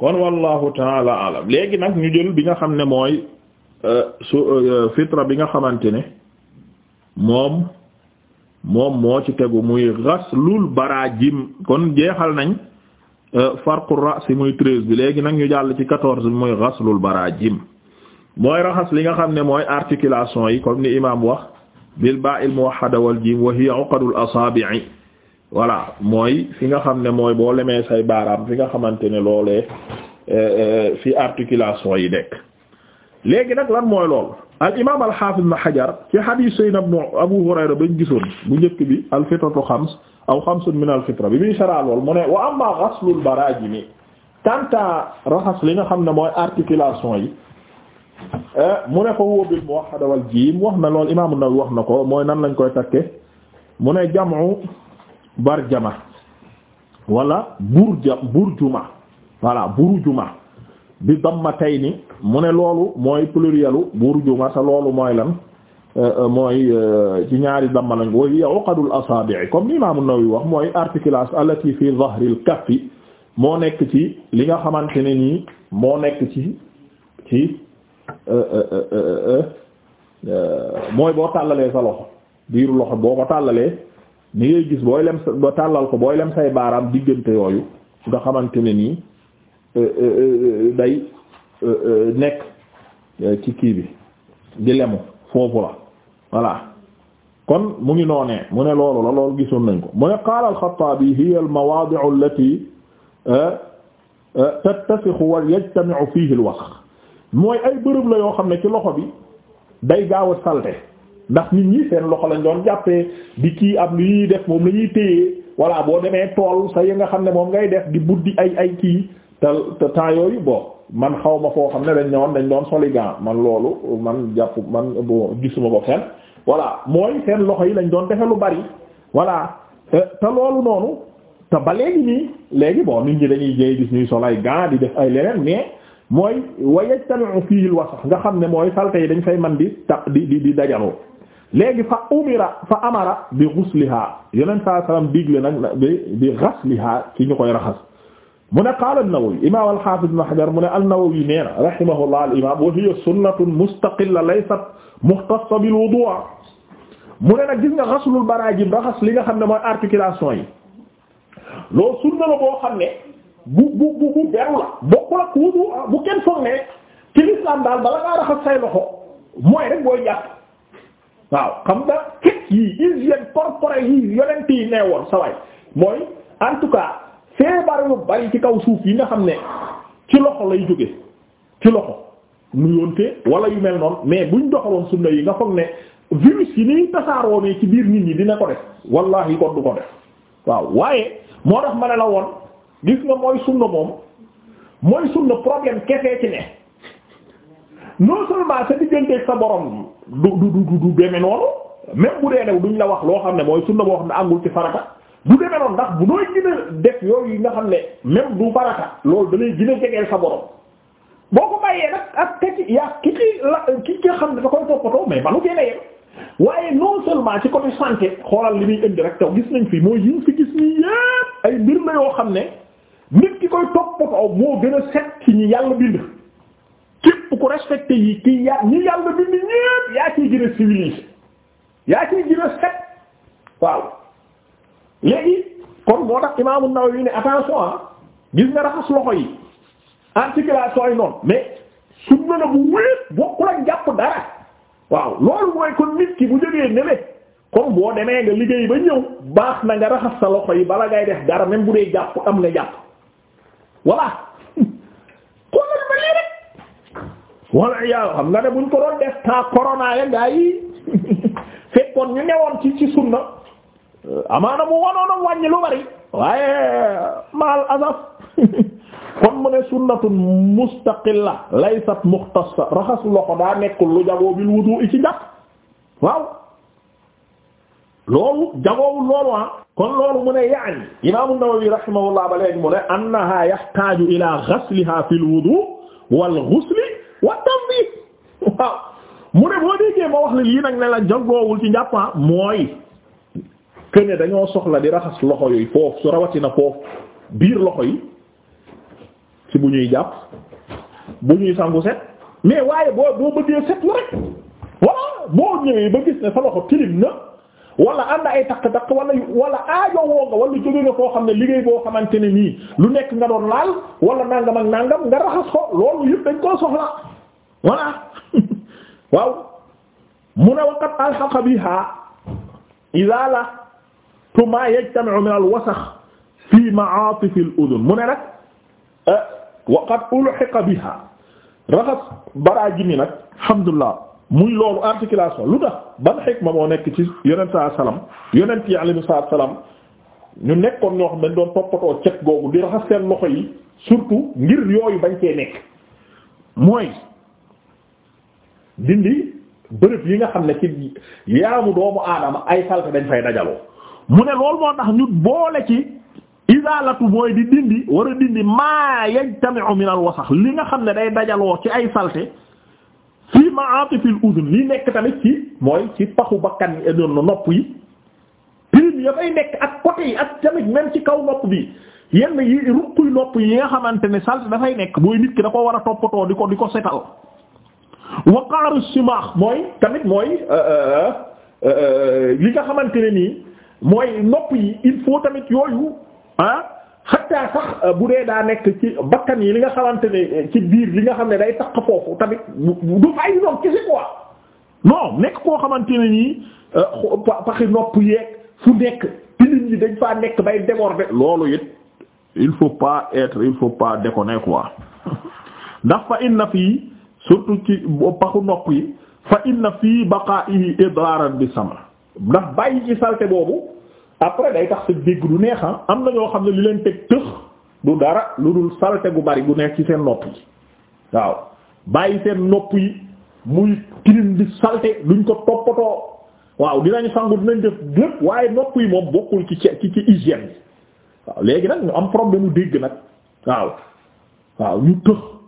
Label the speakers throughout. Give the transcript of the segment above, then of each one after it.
Speaker 1: kon wallahu taala alam léegi nag ñu jël bi nga xam ne mooy euh, su euh, fitra bi nga xamante ne moom moom moo ci tegu muy ghaslul barajim kon jeexal nañ euh, farqu ra's muy treize bi léegi nag ñu jàll ci quatorze bi muy ghaslul barajim mooy raxas li nga xam ne mooy articulation yi comme ni imam wax bil ba'il muwahhada wal jim wa hiya uqadul asabi'i voilà mooy fi nga xam ne mooy boo lemee say baaraam fi nga xamante ne loolee eh, eh, fi articulation yi nekk léegi nag lan mooy lool al imaam al xaafis na xajar ci xadiis Seydina Abu Hurayra bañ gisoon bu njëkk bi al fitratu xams aw xamsun min al fitra bi muy sara lool mu ne wa amma ghaslul baraajimi tanta raxas li nga xam ne mooy articulation yi eh, mu ne fa huwa bil muwahhad wal jiim wax na lool imaam an wax na ko mooy nan lañ koy takke mu ne jamu barjama wala burja burjuma voilà burjuma bi dam ma tey dammatayni mu ne loolu mooy plurielu burjuma te loolu mooy lan euh, euh, mooy euh, ci ñaari damma lañ ko hiya uqadul asaabi' comme ni Imam An-Nawawi wax mooy articulation allati fi dhahril kaffi moo nekk ci li nga xamante ne nii moo nekk ci ci mooy boo tàllalee sa loxo biiru loxo boo ko tàllalee ni ngay gis booy lem ba tàllal ko booy lem say baaraam diggante yooyu nga xamante ne nii euh, euh, euh, day nekk ci kii bi di lemu foofu la voilà kon mu ngi noonee mu ne loolu la loolu gisoon nañ ko mu ne qaala al-Xattaabi hiya al-mawaadi'u allati tattasixu wa yajtami'u fiihi al mooy ay bërëb la yoo xam ne ci loxo bi day gaaw a salte ndax nit ñi seen loxo lañ doon jàppee di kii am lu def moom la ñuy téye voilà boo demee tool sa yi nga xam ne moom ngay def di buddi ay ay kii te te temps yooyu bon man xaw ma foo xam ne dañ ñëwoon dañ doon soligan man loolu man jàpp man bon gisuma ko fenn voilà mooy seen loxo yi lañ doon defe lu bari voilà te loolu noonu te ba léegi nii léegi bon nit ñi dañuy jéy gis ñuy sol ay gants di def ay leneen mais mooy wayajtamiu fiihi al wasakh nga xam ne mooy salte yi dañ fay man di ta di di di dajaloo léegi fa umira fa amara bi ghusliha yeneen saa salaam digle nag bi bi ghasliha ñu koy raxas mu ne qaala an-Nawawi imaam al-Haafiz Ibn mu ne an-Nawawi nee na rahimahullah al-imaam wa hiya sunnatun mu ne nag gis nga ghaslul baraajim raxas li nga xam ne mooy articulation yi loolu sunna la boo xam ne bu bu bu bu bu kenn foog ne ci lislaam daal raxas say loxo mooy rek booy jàpp. waaw xam nga kit yi hygiène corporelle yi yonent yi nee woon sa mooy en tout cas feebar yu bari ci kaw suuf yi nga xam ne ci loxo lay jóge ci loxo nuyoonte wala yu mel noonu mais buñ doxaloon sunna yi nga foog ne virus yi ni tasaaroo ci biir nit ñi dina ko def wallahi kon du ko def waaw waaye moo tax ma ne la woon gis nga mooy sunna moom mooy sunna problème kese ci ne non seulement sa digganteeg sa borom du du du du demee noonu même bu dee new duñ la wax loo xam ne mooy sunna boo xam ne àngul ci farata du demee bu nooy def yooyu yi nga xam ne même du farata loolu dalay gën a jegeel sa boo ko bàyyee nag ak ka ci yaa la ki xam ne da koy toppatoo mais manu génne yem waaye non seulement ci côté xoolal li muy indi rek taw gis nañ fi mooy yiñ fi ay mbir la yoo xam ne nit ki koy toppatoo moo gën a set ci ñi yàlla bind képp ku respecté yi kii ya ñi yàlla bind ñépp yaa ciy gën a yaa ciy gën set waaw léegi kon moo tax imaamu Nawawi ne attention ah gis nga raxas loxo yi articulation yi noonu mais sunna la bu wéet bokkul ak jàpp dara waaw loolu mooy kon nit ki bu jógee nele comme boo demee nga liggéey ba ñëw baax na nga raxas sa loxo yi bala ngay def dara même bu dee jàpp am nga jàpp voilà walla yaa xam nga ne buñ ko doon def temps corona ya gaa yi fekkoon euh, euh, kon mu ne sunnatun mustaqilla laysat muxtassa raxas loxo daa nekkul lu wudu i ci jàpp waaw loolu jagoowul loolu ah kon loolu mu ne yaani imaamu Nawawi rahimahullah ba léegi mu ne annaha yaxtaaju ila ghasliha fil wudu wal ghusli waxtaan bi waaw mu ne boo déggee ma wax la lii nag ne la jangoowul ci njàppan ah, mooy que ne dañoo soxla di raxas loxo yooyu foofu su rawatina foofu biir loxo yi ci bu ñuy jàpp bu ñuy sangu set mais waaye boo boo bëggee set lu rek walla boo ñëwee ba gis ne sa loxo tilim na wala ànd ay takk-takk wala wala aajo woo nga wala jóge nga foo xam ne liggéey boo xamante ne nii lu nekk nga doon laal wala nangam ak nangam nga raxas ko loolu yëpp dañ koo soxla voilà waaw mu ne waqat alxaqa biha ida la tuma yajtami'u min alwasax fi ma'atif al-udhun mu ne nag eh, waqat ulxiqa biha raxas baraa ji mi nag alhamdulillah muy loolu articulation lu tax ban xikma moo nekk ci yonent saa salaam yonent yi alayhi salaam ñu nekkoon ñoo xam dañ doon toppatoo cet googu di raxas seen loxo yi surtout ngir yooyu bañ cee nekk mooy dindi bërëb yi nga xam ne ci yaramu doomu aadama ay salte dañ fay dajaloo mu ne lool moo ndax ñu boole ci isalatu mooy di dindi war a dindi maa yajtami'u min al li nga xam ne day dajaloo ci ay salte fii ma'atifil udun li nekk tamit ci mooy ci paxu bakkan noonu nopp yi prime ya fay nekk ak côté ak tamit même ci kaw nopp bi yenn yi nopp yi nga xamante ne salte dafay nekk mooy nit ki da ko war a toppatoo di ko di ko setal waqaaru simaax mooy tamit mooy euh, euh, euh, li nga xamante ne nii mooy nopp yi il faut tamit yooyu ah xatta sax bu dee daa nekk ci bakkan yi li nga xamante ne ci biir li nga xam ne day taq foofu tamit du fay noonu kese quoi non nekk koo xamante ne nii paxi nopp yeeg fu nekk pilim yi dañ faa nekk bay déborder loolu it il faut pas être il faut pas déconner quoi ndax fa inna fii surtout ci paxu nopp yi fa inna fii baqa'ihi idraran bi sama ndax bàyyi ci salte boobu après day tax sa dégg du neex ah. am na ñoo xam ne li leen teg tëx du dara lu dul salte gu bari gu neex ci seen nopp yi waaw bàyyi seen nopp yi muy tilim di salte luñ ko toppatoo waaw dinañ sangu dinañ def lépp waaye nopp yi moom bokkul ci ci ci hygiène bi waaw léegi nag ñu am problème mu dégg nag waaw waaw ñu tëx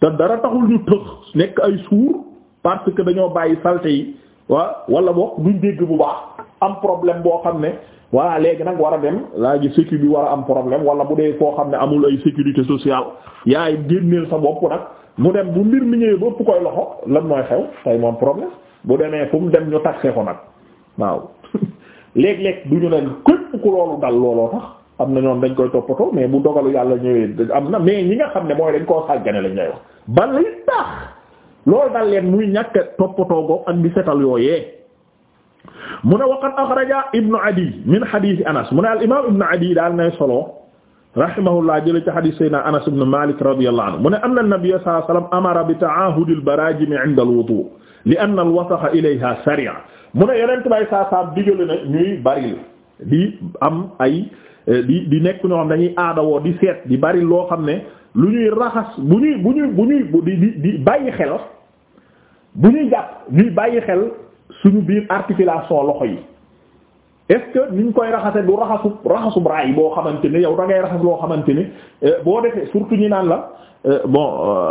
Speaker 1: te dara taxul ñu tëx nekk ay suur parce dañoo bàyyi salte yi waa wala boog duñ dégg bu baax am problème boo xam ne waa léegi nag war a dem laa ji bi war a am problème wala bu dee foo xam ne amul ay sécurité sociale yaay génneel sa bopp nag mu dem bu mbir mi ñëwee bopp koy loxo lan mooy xew tey moom problème bu demee fu mu dem ñu taxé ko nag waaw léeg-léeg du ñu ne képp ku loolu dal looloo tax am na ñoom dañ koy toppatoo mais bu dogalu yàlla ñëwee am na mais ñi nga xam ne mooy dañ koo sàggane lañ lay wax ban li tax dal leen muy ñàkk toppatoo goog ak di setal yooyee mu ne waqad axraja ibnu adi min xadiisi anas mu ne al imam ibnu adi daal nay solo rahimahullah jële ci xadiis sayyidina anas ibnu malik radiyallahu anhu mu ne anna nabiyya sallallahu alayhi wasallam amara bi ta'aahudi li anna al wasaxa ilayha sari'a mu ne yeneen bay saa saam ñuy baril di am ay Euh, di di nekk ñoo xam dañuy aadawoo di seet di bari loo xam ne lu ñuy raxas bu ñuy bu ñuy bu ñuy di di di bàyyi xel bu ñuy jàpp ñuy bàyyi xel suñu biir articulation loxo yi est-ce que niñ koy raxase du raxasu raxasu raay boo xamante ne yow da ngay raxas loo xamante ne euh, boo defee surtout ñu naan la euh, bon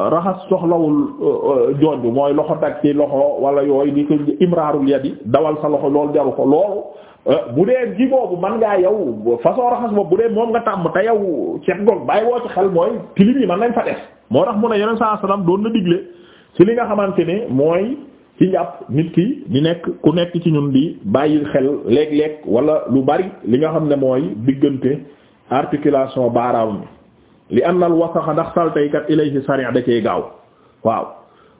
Speaker 1: raxas soxlawul jonj mooy loxo tag ci loxo wala yooy di ko imraarul yadi dawal sa loxo loolu jaru ko loolu Euh, bu dee ji boobu man ngaa yow façon raxas boobu bu dee moom nga tàmm te yow ceeb goog bàyyi woo ci xel mooy tilim yi man lañ fa def moo tax mu ne yeneen saa salaam doon na digle ci li nga xamante ne mooy ci njàpp nit ki di nekk ku nekk ci ñun di bàyyi xel léeg-léeg wala lu bari li nga xam ne mooy diggante articulation baaraam li am na lu wasaxa ndax saltaykat ilayhi sari' da cee gaaw waaw.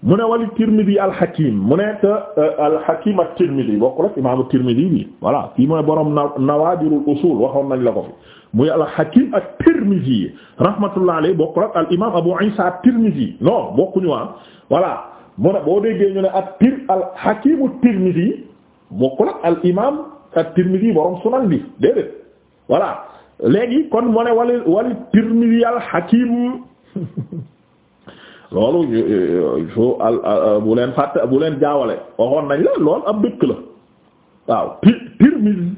Speaker 1: mu ne wali Tirmidi al-Hakim mu ne te euh, al-Hakim ak Tirmidi bokkul ak imaamu Tirmidi bi voilà kii mooy borom na Nawaadirul Usul waxoon nañ la ko fi muy al-Hakim ak Tirmidi rahmatullah alayhi bokkul ak al imaam Abu Isa at-Tirmidi non bokkuñu ah voilà mu ne boo déggee ñu ne ak Tir al-Hakimu Tirmidi bokkul ak al imaam at-Tirmidi borom sunan bi déedéet voilà léegi kon mu ne wali wali Tirmidi al-Hakim. loolu euh, euh, il faut euh, bu leen fàtte bu leen jaawale waxoon nañ la loolu ab dëkk la waaw Tirmizi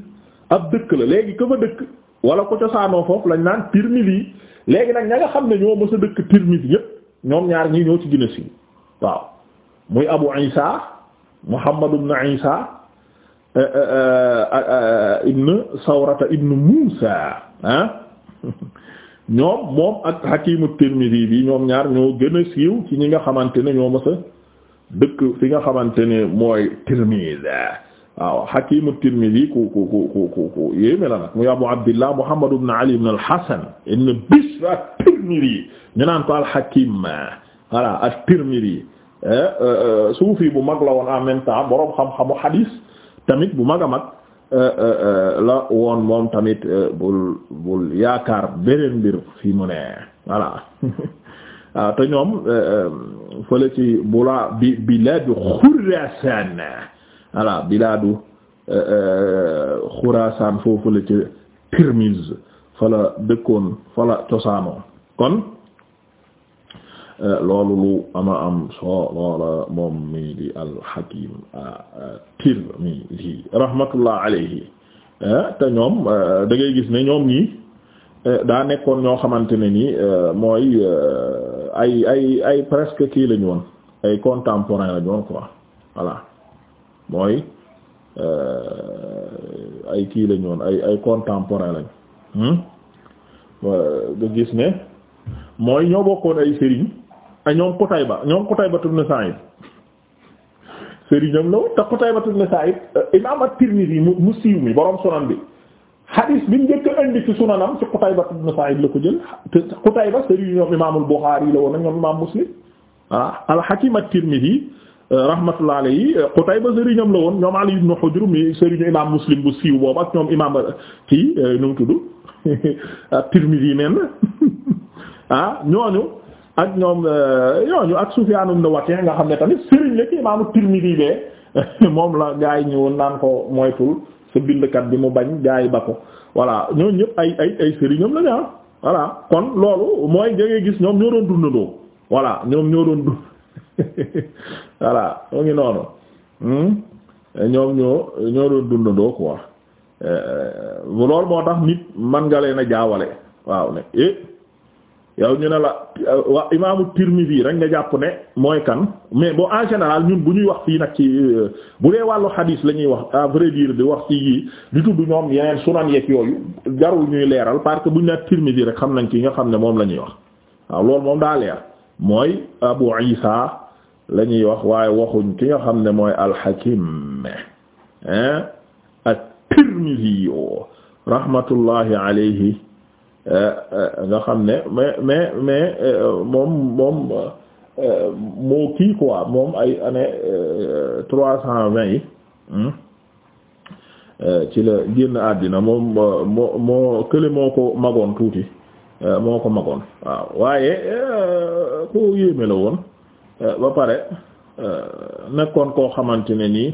Speaker 1: ab dëkk la léegi ka fa dëkk wala ko cosaanoo foofu lañ naan yi léegi nag ña nga xam ne ñoo mës a dëkk Tirmizi yépp ñoom ñaar ñi ñoo ci gën a siiw waaw muy Abu Isa Muhammad ibn Isa ibn Sawrata ibn Musa ah ñoom moom ak Hakimu Tirmidhi bi ñoom ñaar ñoo gën a siiw ci ñi nga xamante ne ñoo mësa dëkk fi nga xamante ne mooy Tirmidhi waaw Hakimu Tirmidhi ku ku ku ku ku ku yéeme muy Abu Abdillah Muhammad ibn Ali ibn al-Hasan ibn Bishr at ñu naan ko al-Hakim voilà at-Tirmidhi eh, eh, eh, suufi bu mag la woon en même temps xam-xamu hadis tamit bu mag a mag. Euh, euh, euh, la woon moom tamit bul bul yaakaar beneen mbir fi mu ne voilà waaw ah, te ñoom fële ci bulaa bi bilaadu Xuraasaan voilà bilaadu Xuraasaan foofu la ci Tirmiz fala dëkkoon fala cosaanoo kon loolu lu ama am soo loola moom mi di al-Hakim at-Tirmidhi rahmatullah alayhi te ñoom dangay gis ne ñoom ñii daa nekkoon ñoo xamante ne nii mooy ay ay ay presque kii lañu woon ay contemporain lañu woon quoi voilà mooy ay kii lañu woon ay ay contemporain lañu hmm? nga gis ne mooy ñoo bokkoon ay sëriñ ay ñoom Qutayba ñoom Qutayba ibn Sa'id sëriñam la woon te Qutayba ibn Sa'id euh, imam at-Tirmidhi mu siiw mi borom sunan bi hadis bi njëkk a indi ci sunanam ci Qutayba ibn Sa'id la ko jël te Qutayba sëriñ imaamul Bukhari la woon ak ñoom imaam Muslim ah al-Hakim at-Tirmidhi euh, rahmatullah alayhi euh, Qutayba sëriñam la woon ñoom Ali ibn Hujr mi sëriñu imaam Muslim bu siiw boobu ak ñoom imaam kii nu mu tudd at-Tirmidhi neen ah ñooñu. ak ñoom euh, ñooñu ak Sufyaan ibn Wakii nga xam ne tamit sëriñ la ci imaamu Tirmidi bee moom la gaa yi ñëwoon naan ko moytul sa bindkat bi mu bañ gaa yi ba ko voilà ñooñu ñëpp ay ay ay sëriñam la ñu ah. voilà kon loolu mooy da gis ñoom ñoo doon dundandoo voilà ñoom ñoo doon voilà mu ngi noonu hmm? ñoom ñoo ñoo euh, loolu moo tax nit man nga leen a jaawale waaw ne eh. yow ñu ne la euh, wa imaamu Tirmidhi rek nga jàpp ne mooy kan mais bon en ñun bu ñuy wax fii nag ci euh, bu dee wàllu xadiis la ñuy wax à vrai dire di wax ci yii di tudd ñoom yeneen sunan yeeg yooyu jarul ñuy leeral parce que bu ñu ne Tirmidhi rek xam nañ ci nga xam ne moom la ñuy wax waaw loolu moom daa leer mooy Abu Isa la ñuy wax waaye waxuñ ki nga xam ne mooy al-Hakim hein at-Tirmidhi rahmatullahi alayhi Euh, euh, nga xam ne mais mais mais euh, moom moom moo kii quoi moom ay année trois cent vingt yi hmm, ci la génn àddina moom moo moo kële moo ko magoon tuuti moo ko magoon waaw waaye koo yéeme la woon ba pare nekkoon koo xamante ne nii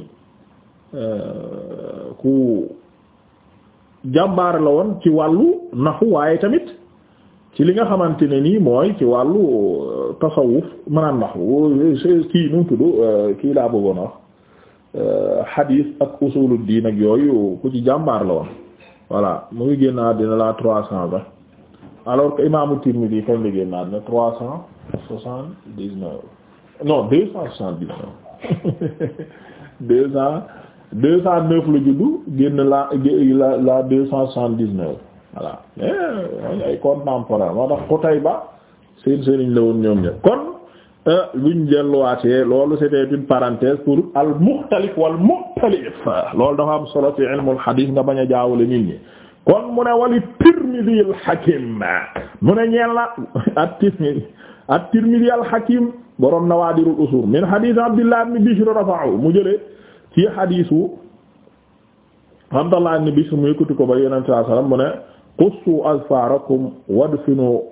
Speaker 1: ku jàmbaar la woon ci wàllu naxu waaye tamit ci li nga xamante ne nii mooy ci wàllu euh, tasawuf maanaam naxu euh, kii nu mu tudd euh, kii laa bëggoon wax xadiis ak usulu diin ak yooyu ku ci jàmbaar la woon voilà mu ngi génn àddina laa trois cent ba alors que imaamu Tirmidhi kañ la génn àddina trois cent soixante-dix-neuf non deux cent soixante-dix-neuf deux cent deux cent neuf la juddu génn la la la deux cent soixante-dix-neuf voilà eh, ay contemporain moo tax Qutayba seen sëriñ la woon ñoom ñëpp kon euh, luñ delluwaatee loolu c'était une parenthèse pour al mukhtalif wal mukhtalif loolu dafa am solo ci ilmul hadith nga bañ a jaawale nit ñi kon mu ne wali Tirmidhi al mu ne ñeel na at-Tirmidhi at-Tirmidhi al Hakim borom Nawadirul Usul min hadith Abdullah ibn Bishr rafa'u mu jëlee. ci xadiisu Abdallah ibn Bishr mu yëkkati ko ba yonent sallallahu alayhi wasallam mu ne qussu azfarakum wadfinu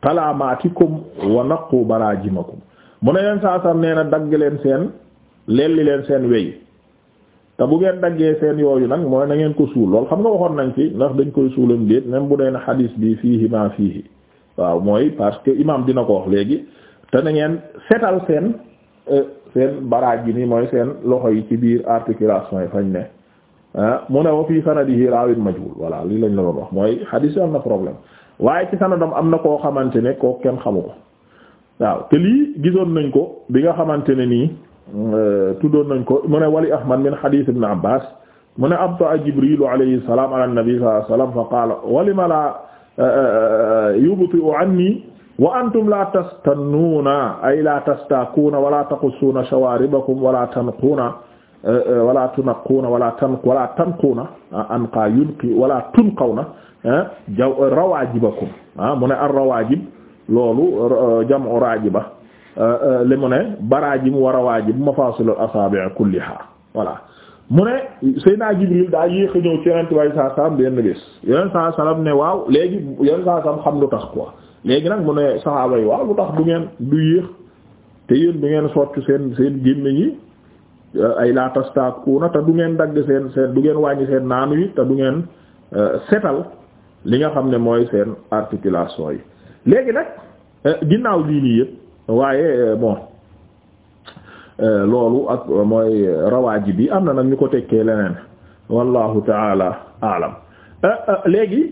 Speaker 1: qalamatikum wa naqu barajimakum mu ne yonent sallallahu alayhi wasallam nee na dagg leen seen lelli leen seen wey te bu ngeen daggee seen yooyu nag mooy na ngeen ko suul lool xam nga waxoon nañ fi ndax dañ koy suulam déet même bu dee na xadiis bi fiihi ma fiihi waaw mooy parce que imam dina ko wax léegi te na ngeen setal seen euh, seen baraaj yi nii mooy seen loxo yi ci biir articulation yi fañ ne ah mu ne wa fii sanadihi raawin majhul voilà lii lañ la doon wax mooy hadith am na problème waaye ci sanadam am na koo xamante ne koo kenn xamu ko waaw te lii gisoon nañ ko bi nga xamante ne nii euh, tuddoon nañ ko mu ne wali ahmad min hadith ibn abbas mu ne abta jibrilu alayhi salaam ala nabi sallallahu alayhi wasallam fa qaala walima la euh, euh, yubti'u anni wa antum la tastannuuna ay la tastaakuuna wala taqussuuna shawaaribakum wala tanquuna eh, wala tunquuna wala tan wala tanquuna ah, anqa yunqi wala tunqawna eh, jaw rawaajibakum ah mu ne ar rawaajib loolu eh, jam'u raajiba li mu ne baraajim wa rawaajib mafaasilul asaabi' kulliha voilà mu ne Seydina Jibril daa yéex a ñëw ci Yonent bi sallallahu alayhi wasallam benn bés Yonent sallallahu alayhi wasallam ne waaw léegi Yonent sallallahu alayhi wasallam xam lu tax quoi léegi nag mu ne saxaaba yi waaw bu tax du ngeen du yéex te yéen du ngeen soccu seen seen gémmiñ yi ay la tastakuuna te du ngeen dagg seen seen du ngeen wàññi seen naanu yi te du ngeen euh, setal li nga xam ne mooy seen articulation yi léegi nag euh, ginnaaw lii nii yëpp waaye euh, bon loolu ak mooy rawaaji bi am na nag ñu ko tekkee leneen wallahu taala alam léegi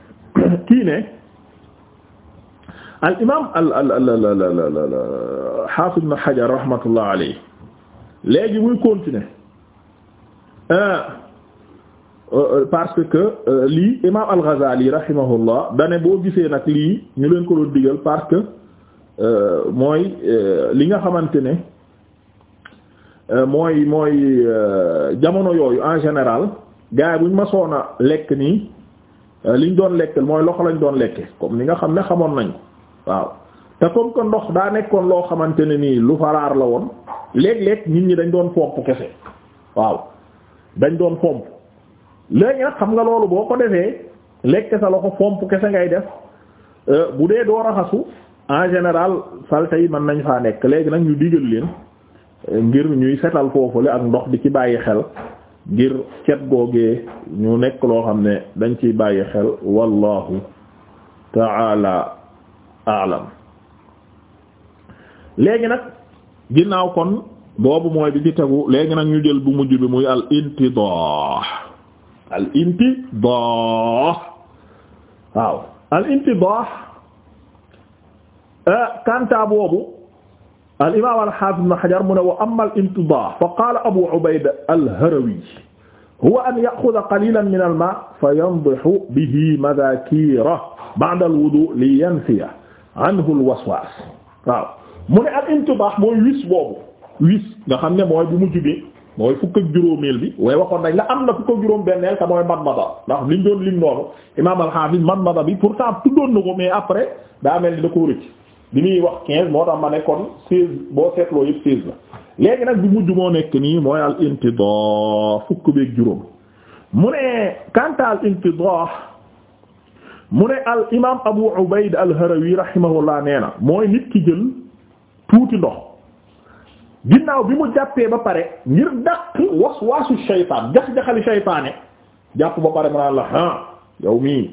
Speaker 1: kii ne al imaam al al al Haafid ibn Hajar rahmatullah alayhi léegi muy continuer euh, euh, parce que euh, lii imaam al Ghazali rahimahullah dane boo gisee nag lii ñu leen ko doon digal parce que mooy li nga xamante ne mooy mooy jamono yooyu en général gars yi bu ñu masoon a lekk nii liñ doon lekkal mooy loxo lañ doon lekke comme ni nga xam ne xamoon nañ ko waaw te comme que ndox daa nekkoon loo xamante ne nii lu faraar la woon léeg-léeg nit ñi dañ doon pomp kese waaw dañ doon pomp léegi nag xam nga loolu boo ko defee lekk sa loxo fomp kese ngay def euh, bu dee doo raxasu en général salte yi mën nañ faa nekk léegi nag ñu digal leen euh, ngir ñuy setal foofule ak ndox di ci bàyyi xel ngir cet googee ñu nekk loo xam ne dañ ciy bàyyi xel wallahu ta'ala alam léegi nag ginnaaw kon boobu mooy bi ci tegu léegi nag ñu jël bu mujj bi muy al intidah al intidah waaw al intidah eh, kanta boobu al imam al hafiz ibn hajar mu ne wa amma al intidah fa qala abu ubayda al harawi huwa an ya'khudha qalilan min al ma' fa yandihu bihi madakira ba'da al wudu li yanfiya anhul waswaas waaw mu ne al intibaax mooy wis boobu wis nga xam ne mooy bu mujj bi mooy fukk ak juróomeel bi waaye waxoon nañ la am na fukk ak juróom benneel te mooy madmada ndax liñ doon lim noonu imaam al-Hafiz madmada bi pourtant tuddoon na ko mais après daa mel ni da ko rëcc bi muy wax quinze moo tax ma nekkoon kon boo seetloo yëpp seize la léegi nag bu mujj moo nekk nii mooy al intidah fukk beeg juróom mu ne quant al intidah mu ne al imaam Abu Ubayd al Harawi rahimahullah nee na mooy nit ki jël tuuti ndox ginnaaw bi mu jàppee ba pare ngir dàq waswaasu shaytaan jax-jaxali shaytaane jàpp ba pare mu naan la ah yow mii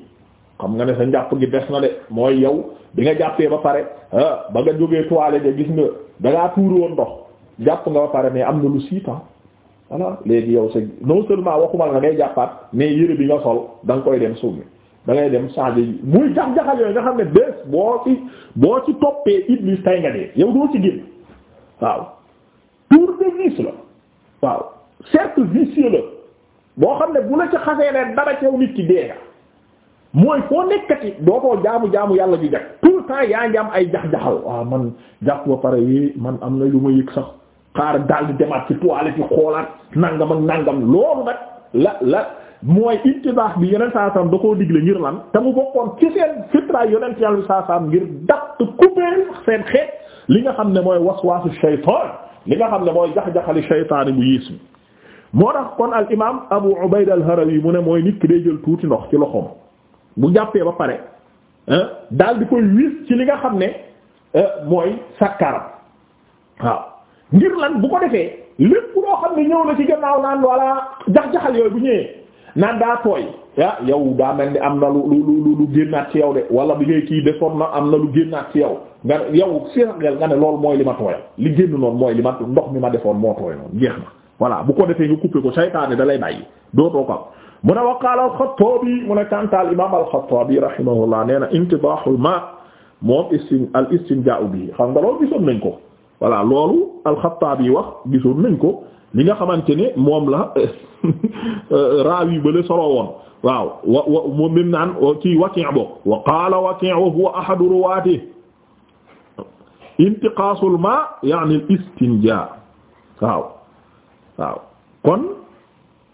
Speaker 1: xam nga ne sa njàpp gi des na de mooy yow bi nga jàppee ba pare ah ba nga jógee toilette de gis nga da ngaa tuuri woon ndox jàpp nga ba pare mais am na lu siitan voilà léegi yow sa non seulement waxuma la ngay jàppaat mais yére bi nga sol da nga koy dem suuf da dem changé ji muy jax-jaxal yooyu nga xam ne bés boo ci boo ci toppee iblis tay nga dee yow doo ci génn waaw tour de vis la waaw cercle vicieux la boo xam ne bu la ci xasee ne dara ci yow nit ki dee nga mooy foo nekkati dootoo jaamu jaamu yàlla ju jag tout le temps yaa ngi am ay jax-jaxal waaw man jàpp ba pare yi man am na lu ma yëg sax xaar dal di demaat ci toilette yi xoolaat nangam ak nangam loolu nag la la mooy intibaax bi yonent saa saam da koo digle ngir lan te mu bokkoon ci seen fitra yonent yàlla saa saam ngir dàq seen xeet li nga xam ne mooy waswaasu shaytaan li nga xam ne mooy jax-jaxali shaytaani bu yiis mi moo tax kon al imaam Abu Ubayd al-Harawi mu ne mooy nit ki day jël tuuti ndox ci loxoom bu jàppee ba pare daal di koy wiis ci li nga xam ne euh, mooy sakkaram waaw ngir lan bu ko defee lépp loo xam ne ñëw na ci gannaaw naan walla jax-jaxal yooyu bu ñëwee naan daa tooy ah yow daa mel ni am na lu lu lu lu génnaat ci yow de wala bi ngay kii defoon na am na lu génnaat ci yow nga yow seexal nga ne loolu mooy li ma tooyal li génn noonu mooy li ma ndox mi ma defoon moo tooy noonu jeex na voilà bu ko defee ñu coupé ko saytaane da lay bàyyi dootoo ko am mu ne waqaala alxataabi mu ne kantaal imam alxataabi rahimahullah nee na intibaaxul ma moom istin al istinjaa'u bi xam nga loolu gisoon nañ ko voilà loolu alxataabi wax gisoon nañ ko li nga xamante ni moom la euh, raawi bale solo woon waaw wa wa naan ci Waki' bokk wa qaala Waki' wa huwa ahadu ruwaati intiqaasul ma yaani al waaw waaw kon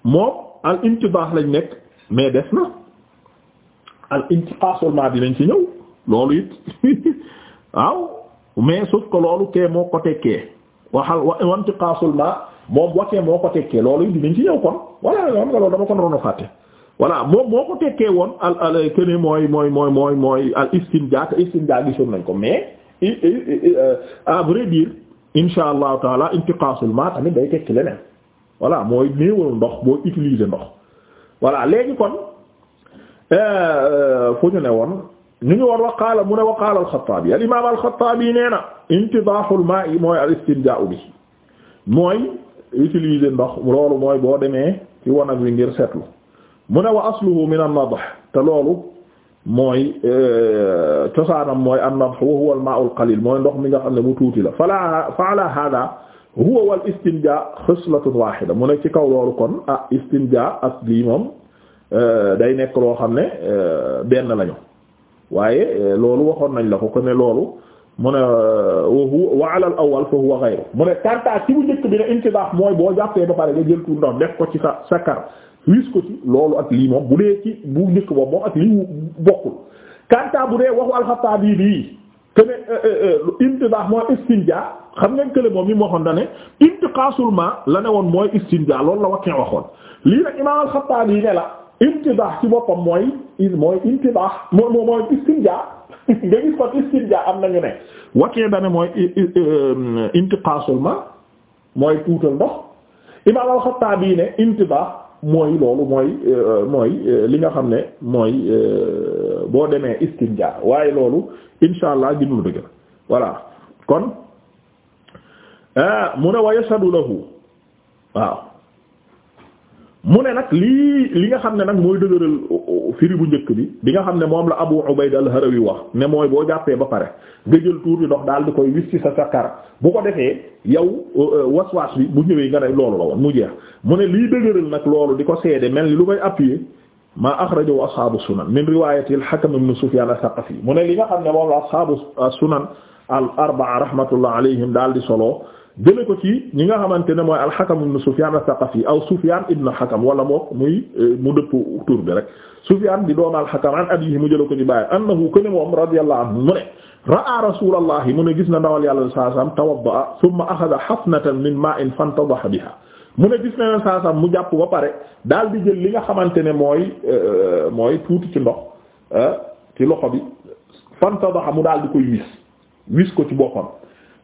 Speaker 1: moom al intibaax lañ nekk mais des na al intiqaasul ma ci ñëw loolu it waaw mais sauf loolu kee tekkee waxal wa intiqaasul ma moom waqee moo ko tekkee loolu dinañ ci ñëw kon voilà xam nga loolu dama ko naroon a fàtte voilà moom moo ko tekkee woon al al kene mooy mooy mooy mooy mooy al istinja gi istinja nañ ko mais euh, à vrai dire insha allahu taala intiqaasul ma tamit day tekki leneen voilà mooy néewal ndox boo utiliser ndox voilà léegi kon euh, euh, fu ñu ne woon ñu ngi war waqaala mu ne waqaala alxataabi al imaam alxataabi nee na intidaaxul maa yi mooy al istinjaa bi mooy utiliser ndox loolu mooy boo demee ci wanag wi ngir seetlu mu ne wa asluhu min an-nadh te loolu mooy euh, cosaanam mooy an-nadh wa huwa al-ma'u mooy ndox mi nga xam ne mu tuuti la fala fa ala hada huwa wal istinja xislatun wahida mu ne ci kaw loolu kon ah istinja ak lii moom euh, day nekk loo xam ne euh, benn lañu waaye loolu waxoon nañ la ko ko loolu mu ne wa ala al awal fa huwa ghayru mu ne tanta mooy boo jàppee ba pare nga jël tuur ndox ko ci sa sa ak lii bu dee ci bu njëkk boobu moom ak lii bokkul kanta bu dee waxu alxataabi bii que ne euh, euh, euh, intibaax mooy istinja xam ngeen kële moom mi mu waxoon da ne intiqaasul ma la ne woon mooy istinja loolu la wakkee waxoon lii nag imaam alxataabi ne la intibaax ci boppam mooy mooy mooy mooy nga gis kon istinja am nañu ne wakee dane mooy euh, intiqaasul ma mooy tuutal ndox imaam al-Xattaabi ne intibaa mooy loolu mooy euh, mooy euh, li nga xam ne mooy boo demee istinja waaye loolu insha allah gënul dëgg voilà kon mu ne wa yashadu lahu waaw mu ne nag lii li nga xam ne nag mooy dëgëral firi bu njëkk bi bi nga xam ne moom la Abu Ubayd al-Harawi wax ne mooy boo jàppee ba pare nga jël tuur bi ndox daal di koy wis ci sa sakar bu ko defee yow waswaas bi bu ñëwee nga ne loolu la woon mu jeex mu ne lii dëgëral nag loolu di ko seede mel ni lu koy appuyer maa axrajahu ashaabu sunan min riwaayati al-Hakam ibn Sufyaan a saqafi mu ne li nga xam ne moom la ashaabu sunan al arbaa rahmatullah alayhim daal di solo jële ko ci ñi nga xamante ne mooy alxakam ibn Sufyaan as-Saqafi aw Sufyaan ibn xakam wala moo muy euh, mu dëpp tur bi rek Sufyaan di doom alxakam an abiihi mu jële ko ci baay annahu kaana moom radiyallahu anhu mu ne ra'a rasuulallahi mu ne gis na ndawal yàlla saa alayhi wasallam tawadda'a thumma akhadha hafnatan min maa'in fantadaha mu ne gis na mu jàpp ba pare daal di jël li nga xamante ne mooy euh, mooy tuuti ci ndox euh, ci loxo bi fantadaha mu daal di koy wis wis ko ci boppam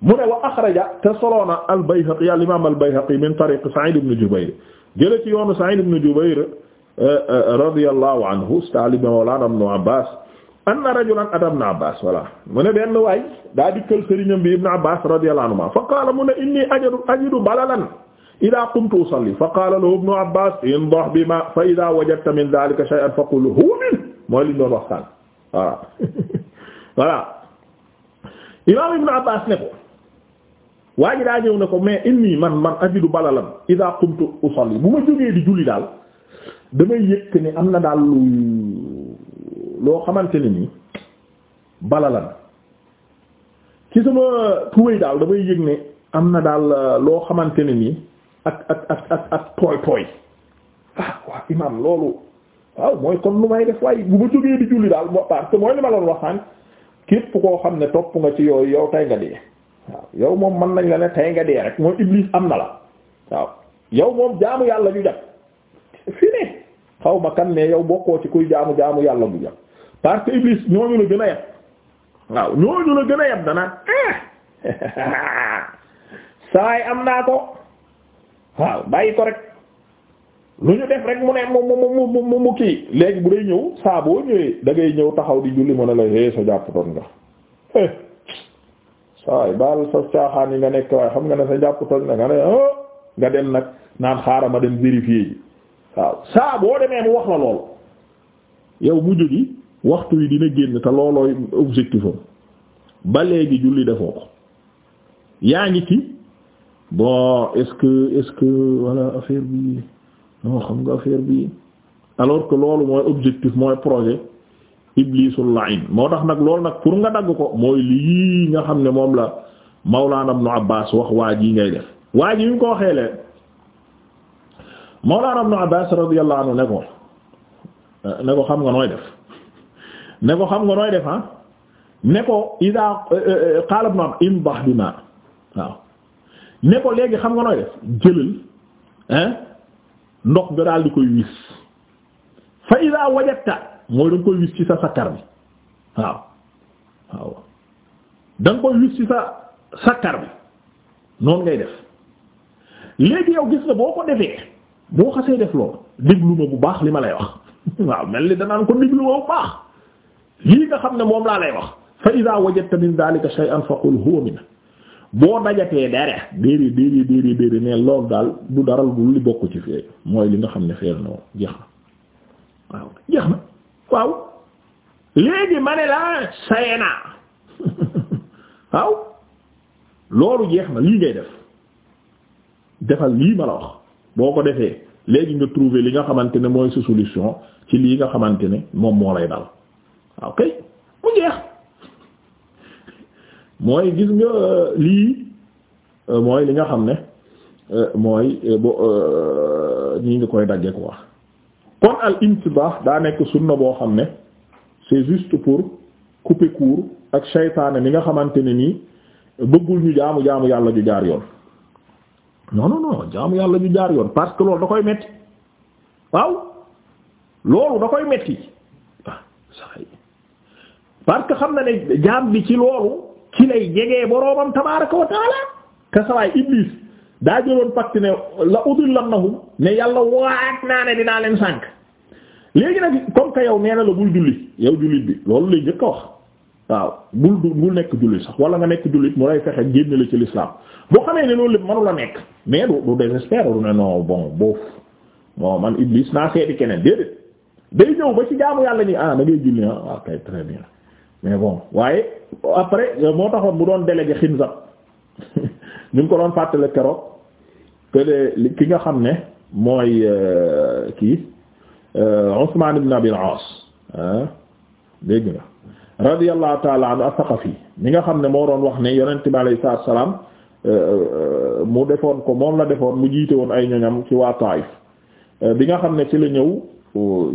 Speaker 1: mu ne wa axraja te soloona al-Bayhaqi al-imaam al-Bayhaqi min tariq Sa'id ibn Jubayr jële ci yoonu Sa'id ibn Jubayr eh, eh, radiyallahu anhu staalib mawlana ibn Abbas anna rajulan ataa ibn Abbas voilà mu ne benn waay daa di kël sëriñam bi ibn Abbas radiyallahu anhuma fa qaala mu ne inni ajidu ajidu balalan idaa qumtu usalli fa qaala lahu ibn Abbas indah bimaa fa idaa wajadta min dhaalika shay'an faqul huwa minhu mooy li ñu doon waxtaan voilà voilà imaam ibn Abbas ne ko waa ji daa ñëw ne ko mais inni man man ajidu balalan idha qumtu usalli bu ma jógee di julli daal damay yëkk ni am na daal loo xamante ne ni balalan ci sama tuwéy daal damay yëg am na daal uh, loo xamante ne ni ak ak ak ak tooy tooy ah, waa imaam loolu waaw mooy kon lu may def waaye bu ma jógee di julli daal moo parce mooy li ma loon waxaan képp koo xam ne topp nga ci yooyu yow tay nga dee waaw yow moom man nañ la ne tey nga dee rek mooy iblis am na la waaw yow moom jaamu yàlla ju jàpp fi ne xaw ma kan ne yow bokkoo ci kuy jaamu jaamu yàlla bu jàpp parce que ñooñu la gën a yab waaw ñooñu la gën a yab danaan eh sawaay am naa ko waaw bàyyi ko rek lu ñu def rek mu ne mu mu mu mu mu kii léegi bu dee ñëw saa ñëwee da ngay ñëw taxaw di julli mu ne la hee eh sa jàpp nga eh saay baal sa caaxaan yi nga nekk waaye xam nga ne sa jàpp toj na nga ne oh, nga dem nag naan xaaral ma dem vérifier ji waaw saa boo demee mu wax la lool yow mujj gi waxtu yi dina génn te loolooy objectif am ba léegi julli defoo ko yaa ngi ci bon est-ce que est-ce que voilà affaire bi non xam nga affaire bi alors que loolu mooy objectif mooy projet iblisul la'in moo tax nag loolu nag pour nga dagg ko mooy lii nga xam ne moom la Mawlana Ibn Abbas wax waa ji ngay def waa yi yu ko waxee leen Mawlana Ibn Abbas radiyallahu anhu ne ko ko xam nga nooy def ne ko xam nga nooy def ah ko ida xaalab na am im waaw ne ko léegi xam nga nooy def jëlal ndox nga daal di koy wis fa ida wajata mooy da nga koy wis ci sa sakkar bi waaw waaw da koy wis ci sa sakkar bi noonu ngay def léegi yow gis na boo ko defee boo xasee def loolu déglu ma bu baax li ma lay wax waaw mel ni danaan ko déglu ma bu baax lii nga xam ne moom laa lay wax fa idha wajadta min dhalika shay'an faqul huwa min boo dajatee dara déedéet déedéet déedéet déedéet ne loolu daal du daral du li bokk ci fee mooy li nga xam ne feel na jeex na waaw jeex na waaw léegi ma ne la sayena waaw loolu jeex na lii ngay def defal lii ma la wax boo ko defee léegi nga trouver li nga xamante ne mooy sa solution ci lii nga xamante ne moom moo lay dal waaw kay mu jeex mooy gis nga euh, lii euh, mooy li nga xam ne euh, mooy ni nga koy dagge ko wax kon al intibah daa nekk sunna boo xam ne c'est juste pour couper court ak shaytaane mi nga xamante ne nii bëggul ñu jaamu jaamu yàlla ju jaar yoon non non non jaamu yàlla ju jaar yoon parce que loolu da koy metti waaw loolu da koy metti ah parce que xam na ne jaam bi ci loolu ci lay jegee boroomam tabaaraka wa taala iblis daa jëloon pacte ne la udillannahum ne yàlla waat naa ne dinaa leen sànk léegi nag comme que yow nee na la bul julli yow jullit bi loolu lay jëkk wax waaw bul bul nekk jullit sax wala nga nekk jullit mu lay fexe génn la ci l'islam boo xamee ne loolu lépp mënu la nekk mais du du désespère du ne non bon boof bon man Iblis naa seeti keneen déedéet day ñëw ba ci jaamu yàlla ni ah da ngay julli ah ok très bien mais bon waaye après moo taxoon mu doon délégué xinzab ñu ngi ko doon fàttale keroog que li ki nga xam ne mooy euh, kii euh, Usman ibn Abi aas dégg nga radiyallahu ta'ala anhu as-Saqafi mi nga xam ne moo doon wax ne yonent bi alayhi salaatu salaam euh, mu defoon ko moom la defoon mu jiite woon ay ñoñam ci waa Taif bi nga xam ne ci la ñëw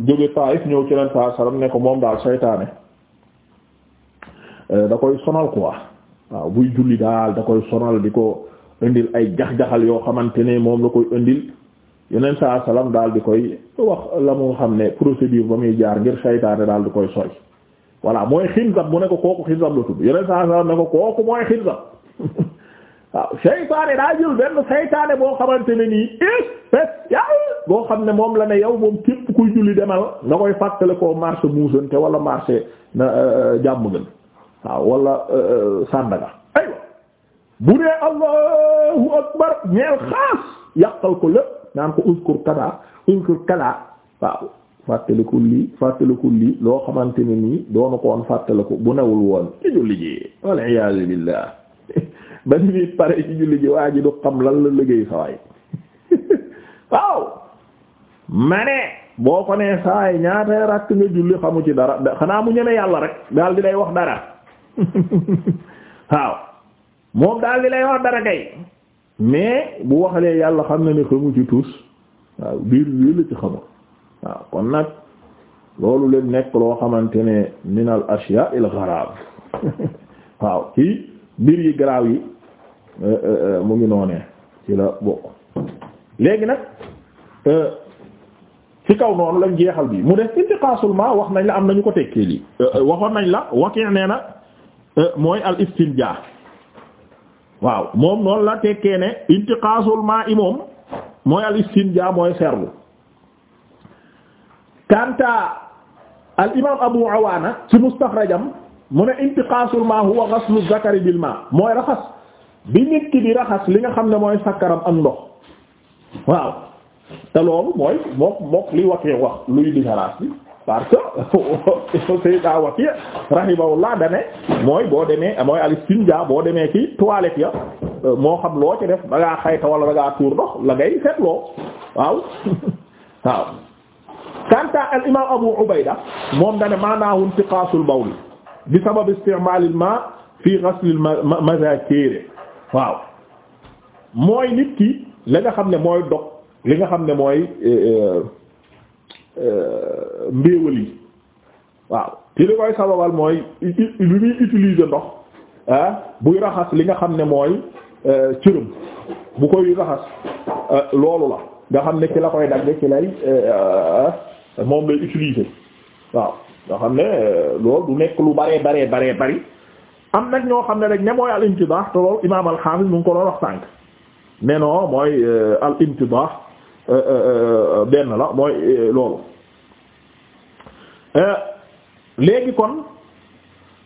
Speaker 1: jóge Taif ñëw ci leen saa ne ko moom daal seytaane da koy sonal quoi waaw buy julli daal da koy sonal di ko. indil ay jax-jaxal yoo xamante ne moom la koy indil yeneen saa salaam daal di koy wax la mu xam ne procédure ba muy jaar ngir saytaane daal di koy sori voilà mooy xinzab mu ne ko kooku xinzab la tudd yeneen saa salaam ne ko kooku mooy xinzab waaw saytaane daa jël benn saytaane boo xamante ne nii boo xam ne moom la ne yow moom képp kuy julli demal nga koy fàttale koo marché muusante wala marché na jàmm gën waaw wala euh, euh, Sandaga aywa bu dee allahu akbar ñeel xaas yàqal ko lépp naan ko uskur kada uskur kada waaw fàttaliku lii fàttaliku lii loo xamante ni nii doonu ko fàttaliku bu newul woon ci julli ji wal iyaazu billah ba ni muy ji waa ji du xam lan la liggéey sawaay waaw ma ne boo ko nee sawaay ñaata rakk nga julli xamu ci dara xanaa mu ñeme yàlla rek daal di day wax dara waaw moom daal di lay wax dara kay mais bu waxalee yàlla xam na ni xamu ci tuus waaw biir lii la ci xamul waaw kon nag loolu leen nekk loo xamante ne min al ashya il gharab waaw ci biir yi garaaw yi euh, euh, euh, mu ngi noonee ci la bokk léegi nag ci kaw noonu lañ jeexal bi mu def intiqaasul ma wax nañ la am nañu ko tekkee lii waxoon nañ la waqi' nee na mooy al istinjaa waaw moom noonu la tekkee ne intiqaasul maa i moom mooy al istinjaa mooy serlu kanta al imaam abu awaana ci mustaxrajam mu ne intiqaasul maa huwa ghaslu zakari bil maa mooy raxas bi nit ki di raxas li nga xam ne mooy sakkaram am ndox waaw te loolu mooy mook mook li waxee wax luy différence bi parce que Seydina Waki rahimahullah dane mooy boo demee mooy al-istinja boo demee ci toilette ya euh, moo xam loo ci def da ngaa xayta wala da ngaa tuur ndox la ngay seetloo waaw waaw kanta al imam Abu Ubayda moom dane maanaahu intiqaasul bawl bi sabab isti'maal al-maa fi ghasl al-mazaakir waaw mooy nit ki la xam ne mooy dog li nga xam ne mooy euh, Euh, mbéewal yi waaw te li koy sababal mooy lu muy utiliser ndox ah buy raxas li nga xam ne mooy euh, cërëm bu koy raxas euh, loolu la nga xam ne ci la koy dagg ci lay moom lay utiliser waaw nga xam ne loolu du nekk lu baree baree baree bari am nag ñoo xam ne rek ne mooy al-intibah te loolu imaam al-Hafiz mu ko doon wax sànq mais non mooy al Euh, euh, euh, benn la mooy loolu léegi kon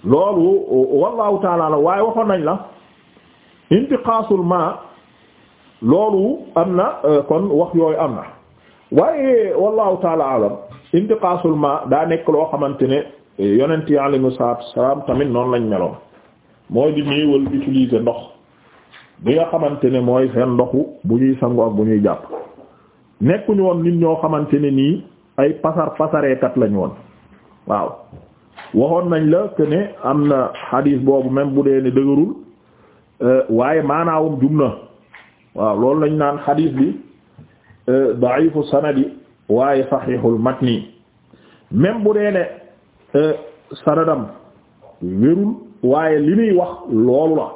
Speaker 1: loolu wallahu taala waaye waxoon nañ la intiqaasul ma loolu am na kon wax yooyu am na waaye wallahu taala alam intiqaasul ma daa nekk loo xamante ne yonent yi alayhimu salaatu salaam tamit noonu lañ meloon mooy di néewal utiliser ndox bi nga xamante ne mooy seen ndoxu bu ñuy sangu ak bu ñuy jàpp nekkuñu woon nit ñoo xamante ne nii ay pasar pasare kat lañu woon waaw waxoon nañ la que ne am na xadiis boobu même bu dee ne dëgërul euh, waaye maanaawum jum waaw loolu lañ naan xadiis bi euh, da'ifu sanadi waaye saxiixul matni même bu dee ne euh, sanadam wérul waaye li muy wax loolu la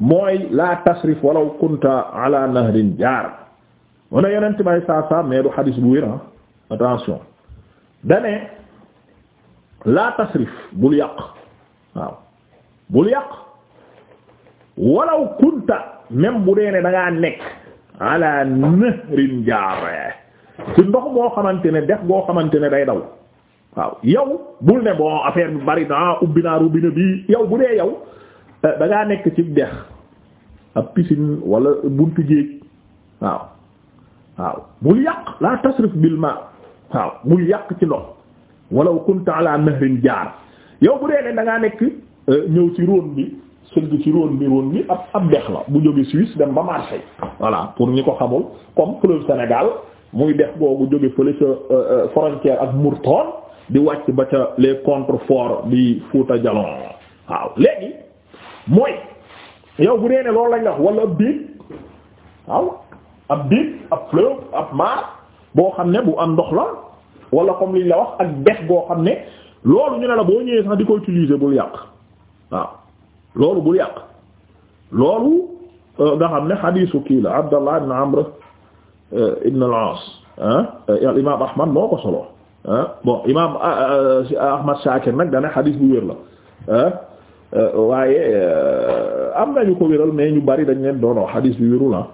Speaker 1: mooy la tasrif walaw kunta ala nahrin jaar mu ne yeneen may saa saa mais du xadis bu wér ah. attention dane laa tasrif bul yàq waaw bul yàq walaw kunta même bu dee ne da ngaa nekk ala nahrin jaar ci ndox moo xamante ne dex goo xamante ne day daw waaw yow bul ne bon affaire bi bari na ubbi naa robinet bi yow bu dee yow eh, da nekk ci dex ab piscine wala buntu géej waaw waaw bul yàq la tasrif bil ma waaw bul yàq ci ndox walaw kunta ala jaar yow bu dee ne nekk euh, ñëw ci Rhône bi sëgg ci Rhône bi Rhône bi ab ab dex la bu jóge Suisse dem ba Marseille voilà pour ñi ko xamul comme fleuve Sénégal muy dex googu jóge fële ca euh, euh, frontière ak Mourton di wàcc ba ca les contreforts di Fouta Djallon waaw léegi mooy yow bu dee ne loolu lañ wax wala biit waaw ab biig ab fleuve ab maar boo xam ne bu am ndox la wala comme liñ la wax ak dex goo xam ne loolu ñu ne la boo ñëwee sax di ko utiliser bul yàq waaw loolu bul yàq loolu euh, nga xam ne xadiisu kii la Abdallah ibn Amr euh, ibn al-Aas euh, al imaam Ahmad moo ko solo bon imaam Ahmad Shaakir nag dana xadiis bu wér la waaye am nañu ko wéral mais ñu bari dañ leen doonoo xadiis bi wérul ah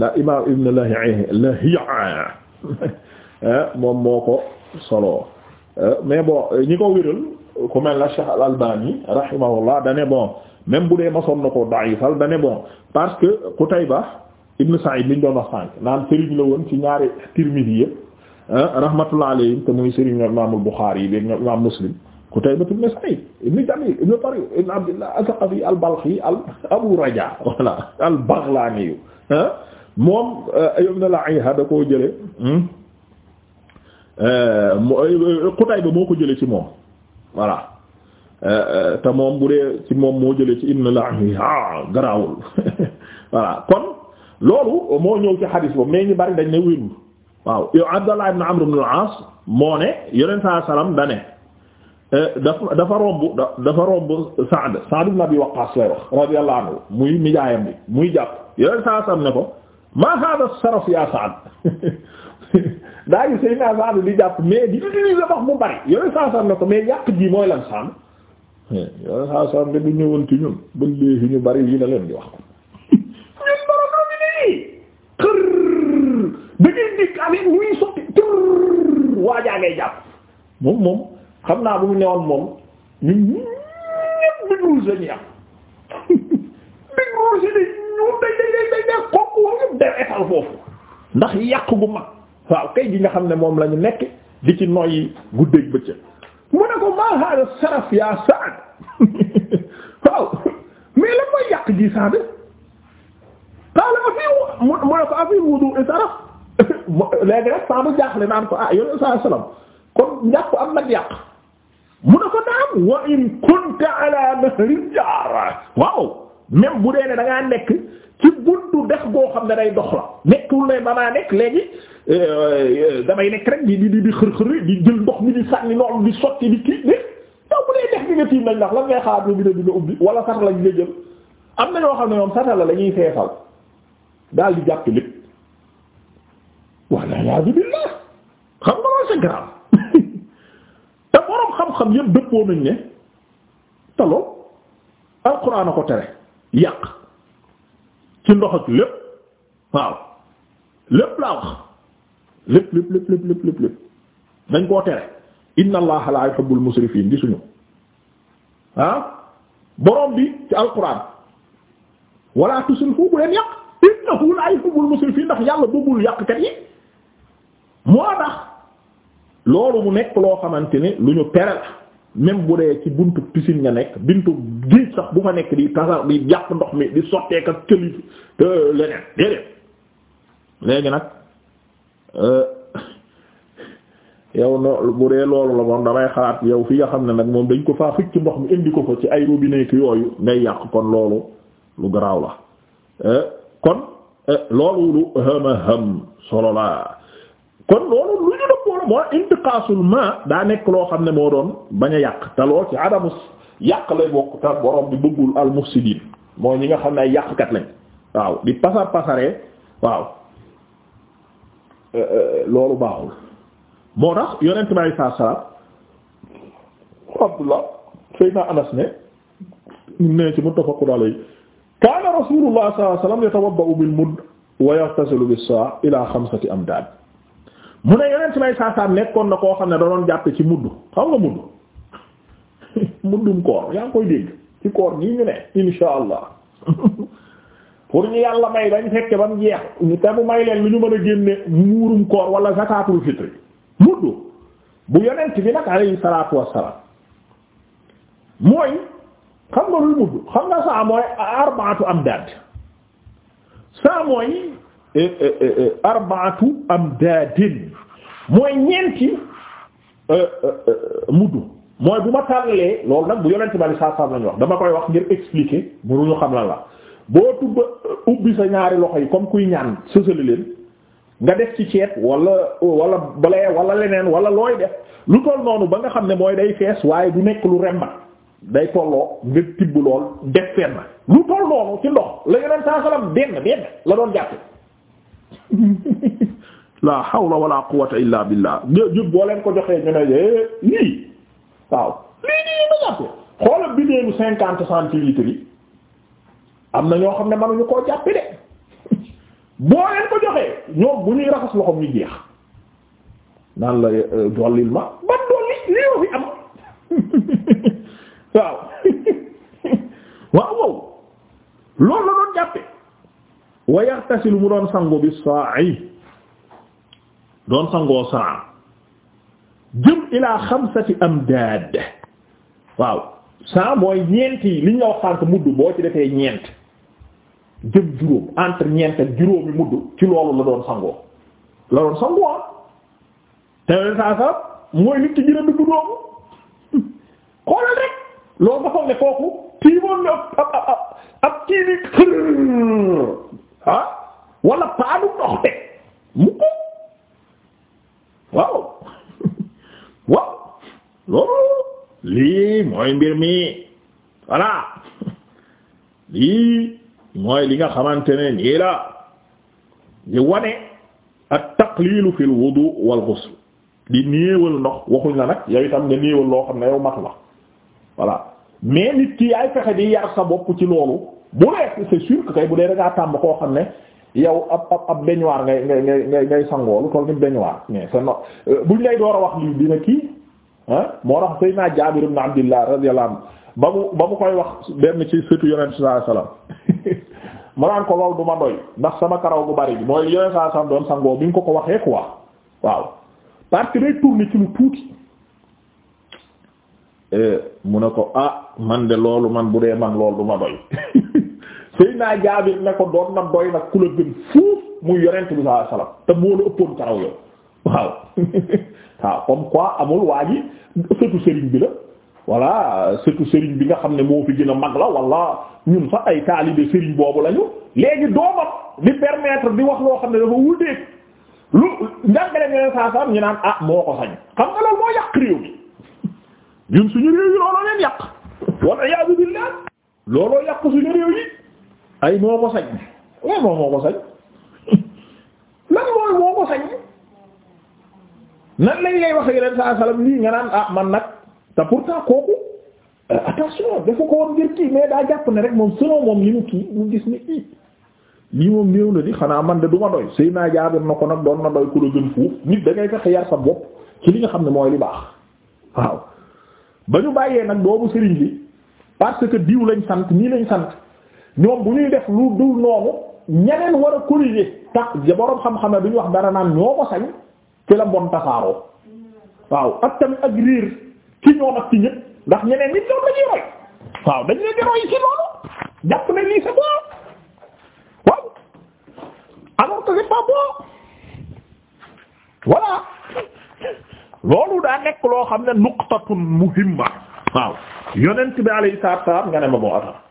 Speaker 1: ndax imam ibn lahi lahiya moom moo ko solo mais bon ñi ko wéral ku mel na Cheikh al Albani rahimahullah dane bon même bu dee masoon na ko da'ifal dane bon parce que Qutayba ibn Sa'id liñ doon wax sànq naan sëriñ la woon ci ñaari Tirmidhi yëpp rahmatullah alayhim te muy sëriñ imam al-Bukhari yi imam Muslim Qutayba ibn Sa'id ibn Jamil ibn Tariq ibn Abdillah al-Balkhi al Abu Raja voilà al-Baghlani moom Ayyub euh, ibn da koo jële hmm? euh, euh, Qutayba moo ko jële ci moom voilà te moom bu dee ci moom moo jële ci ibn La'iha ah, garaawul voilà kon loolu moo ñëw ci xadiis boobu mais ñu bari dañ ne wérul waaw yow Abdallah ibn Amr ibn al-As moo ne yeneen saa salaam da dafa dafa romb dafa romb Sa'd Sa'd ibn Abi lay wax radiyallahu anhu muy nijaayam bi muy jàpp yeneen saa salaam ne ko. maa hada saraf yaa Saad daa gi sëy naa di jàpp mais di utiliser wax mu bari yooyu saasam ne ko mais yàq ji mooy lan saan yooyu saasam ne du ñëwoon ci ñun ba léegi ñu bari yi la leen di wax ñun borom la mi nii xër da ngay dikk avec ñuy ñun ñëpp big rouge lañuy am big dañ dañ dañ dañ dem deretal foofu ndax yàq gu mag waaw kay gi nga xam ne moom lañu nekk di ci noyyi guddeeg bëccëg mu ne ko maa hada saraf yaa Saad waaw mais la mooy yàq gi Saad qaala afi mu ne ko afi wudu saraf léegi rek Saad jaaxle naan ko ah yone saa salaam kon njàpp am nag yàq mu ne ko naam wa in kunta ala nahri waaw même bu dee ne da nekk ci buntu dex goo xam ne day dox la nekkul ne damaa nekk léegi euh, euh, damay nekk rek di di di xër xër di jël ndox mi di sànni loolu di sotti di kii di yow bu dee dex bi nga tiim lañ ndax lan ngay dina dina ubbi wala sat ñoo xam la ñuy feesal daal di jàpp lépp walla yaa billah xam nga loolu c'est grave te borom xam-xam yëpp dëppoo nañ ne te alxuraan a ko tere yàq. ci ndox ak lépp waaw lépp laa wax lépp lépp lépp lépp dañ koo tere inna allaha la yuhibbul musrifin di suñu ah borom bi ci alquran wala tusrifu bu leen yàq innahu la yuhibbul musrifin ndax yàlla bëggul yàqkat yi moo tax loolu mu nekk loo xamante ne lu ñu tere la même bu dee ci buntu piscine nga nekk bintu géej sax bu fa nekk di tasar di jàpp ndox mi di sotteek ak këli te leneen léegi nag euh, yow no bu dee loolu la moom damay xalaat yow fi nga xam ne nag moom dañ ko faa xëcc ndox mi indi ko ko ci ay robinet yooyu ngay yàq kon loolu lu garaaw la euh, kon euh, loolu lu hëma solo la kon loolu mooy intiqaasul ma daa nekk loo xam ne moo doon bañ a yàq te lool ci adamus yàq lay bokk te borom bi bëggul al mooy ñi nga xam ne ay yàqkat lañ waaw di pasar pasaree waaw loolu baaxul moo tax yonent bi saa salaam Abdullah Seydina Anas ne ne ci muttafaqun alayhi kaana rasuulullah sallallahu alayhi wasallam yatawabba'u bil mudd wa yaghtasilu bis saa' ila xamsati amdaad mu ne yeneen si may saasaam nekkoon na koo xam ne da doon ci mudd xam nga mudd muddum koor yaa ngi koy dégg ci koor gii ñu ne insha allah pour ñu yàlla may dañ fekke ba mu jeex te bu may leen lu ñu mën a génne muurum koor wala zakatul fitri mudd bu yonent bi nag alayhi salaatu wassalaam mooy xam nga luy mudd xam nga saa arbaatu amdaad saa mooy E, e, e, arbaatu amdaadin mooy ñeenti muddu mooy bu ma tàllalee loolu nag bu yonent bari saa saam lañu wax dama koy wax ngir expliquer mu ñu xam na la boo tubba ubbi sa ñaari loxo yi comme kuy ñaan sësali leen nga def ci ceeb wala wala blé wala leneen wala looy def lu toll noonu ba nga xam ne mooy day fees waaye du nekk lu rembat day tolloo nga tibb lool def fenn lu toll noonu ci ndox la yonent saa benn benn la doon jàppe la hawla wala quwwata illa billah jub boo leen ko joxee ñu ne eh, lii waaw lii nii ma jàppe xoolal bideelu cinquante centilitres yi am na ñoo xam ne mënuñu koo jàppe de boo leen ko joxee ñoom bu ñuy raxas loxom ñu jeex naan la eh, eh, dollil ma ban dolli lii yoo fi am waaw waaw wow loolu wa yaxtasilu mu doon sangu bi sa'i doon sangoo saa jëm ilaa xamsati amdaad waaw saa mooy ñeenti li ñu wax sànq mudd boo ci defee ñeent jëm juróom entre ñeent ak juróomi mudd ci loolu la doon sangoo la doon sangoo ah. te saa saa mooy nit ki gën a dugg doomu xoolal rek loolu dafa ne kooku kii moom ne ab ab ab kii bi ah wala paanu ndox de mu ko waaw waaw loolu lii mooy mbir mi voilà lii mooy li nga xamante ne nii la di wane ak taqlilu fil wudu wal ghusl di néewal ndox waxuñ la nag yow itam nga néewal loo xam ne yow mat la voilà mais nit ki yaay fexe di yar sa bopp ci loolu bu lekk c'est sûr kay bu dee da ngaa tàmm koo xam ne yow ab ab ab beñuwaar ngay ngay ngay ngay sangoolu tool ni beñuwaar mais c'est non euh, buñ lay door a wax lii dina kii ah moo tax Seydina Jaabir ibn Abdillah radiyallahu anhu ba mu ba mu koy wax benn ci sëtu Yonent sallallahu alayhi wasallam mu naan ko lool du ma doy ndax sama karaw gu bari bi mooy Yonent sallallahu alayhi doon sangoo bi ñu ko ko waxee quoi waaw parce que day tourner ci lu tuuti. Euh, mu ne ko ah man de loolu man bu dee man loolu du ma sëy naa jaabir ne ko doon na doy nag ku la gën fuuf muy yonent bi sallallahu alayhi te moo la ëppoon karaw yow waaw waaw comme quoi amul waa ji sëtu sëriñ bi la voilà sëtu sëriñ bi nga xam ne moo fi gën a mag la wala ñun sax ay taalibe sëriñ boobu lañu léegi doomam di permettre di wax loo xam ne dafa wuteeg lu njàngale ñeneen saa saa ñu naan ah moo ko sañ xam nga loolu moo yàq réew mi ñun suñu réew yi looloo leen yàq wala yaa billah looloo yàq ay moo ko sañ waaw moom moo ko sañ lan mooy moo ko sañ nan lañ lay wax yeneen saa salaam lii nga naan ah man nag te pourtant kooku euh, attention ko woon ngir kii mais daa jàpp ne rek moom selon moom li kii mu gis ni kii lii moom néew la di xanaa man de du ma doy sëy naa jaabir na ko nag doon na doy ku la gën fuuf nit da ngay yar sa bopp ci li nga xam ne mooy li baax waaw ba ñu bàyyee nag doomu sëriñ bi parce que diw lañ sant nii lañ sant ñoom bu ñuy def lu dul noonu ñeneen war a corriger tax boroom xam-xam ne duñu wax dara naan ñoo ko sañ ci la mbon tasaaroo waaw ak tamit ak riir ci ñoom ak ci ñëpp ndax ñeneen nit ñoom dañuy roy waaw dañu leen di ci loolu jàpp nañ lii c'est bon waaw loolu daa nekk loo xam ne nuqtatun muhimma waaw yonent bi alayhi salaatu nga ne ma bon attends